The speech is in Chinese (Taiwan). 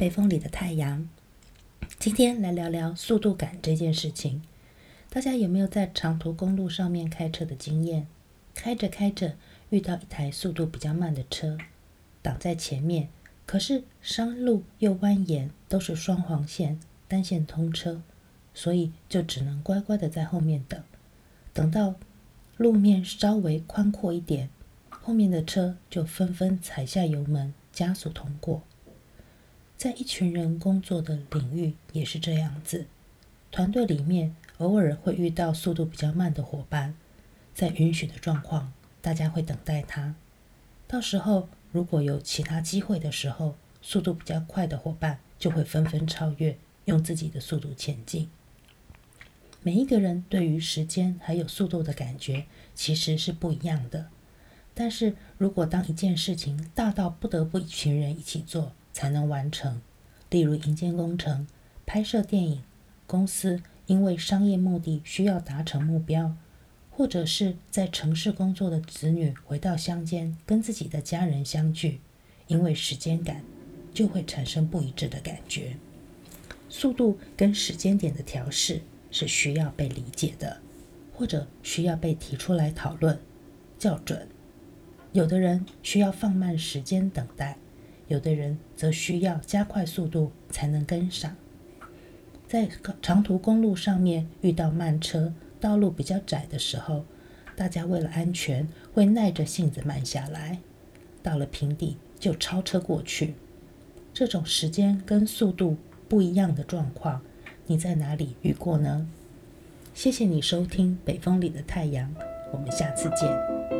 北風裡的太陽。今天來聊聊速度感這件事情。大家有沒有在長途公路上面開車的經驗？開着開着，遇到一台速度比較慢的車，擋在前面。可是山路又蜿蜒，都是雙黃線，單線通車，所以就只能乖乖的在後面等。等到路面稍微寬闊一點，後面的車就紛紛踩下油門，加速通過。在一群人工作的領域也是這樣子，團隊裡面偶爾會遇到速度比較慢的夥伴，在允許的狀況，大家會等待他。到時候如果有其他機會的時候，速度比較快的夥伴就會紛紛超越，用自己的速度前進。每一個人對於時間還有速度的感覺其實是不一樣的，但是如果當一件事情大到不得不一群人一起做。才能完成，例如營建工程、拍攝電影，公司因為商業目的需要達成目標，或者是在城市工作的子女回到鄉間跟自己的家人相聚，因為時間感就會產生不一致的感覺。速度跟時間點的調試是需要被理解的，或者需要被提出來討論校準。有的人需要放慢時間等待。有的人則需要加快速度才能跟上，在長途公路上面遇到慢車，道路比較窄的時候，大家為了安全會耐着性子慢下來，到了平地就超車過去。這種時間跟速度不一樣的狀況，你在哪裡遇過呢？謝謝你收聽《北風裡的太陽》，我們下次見。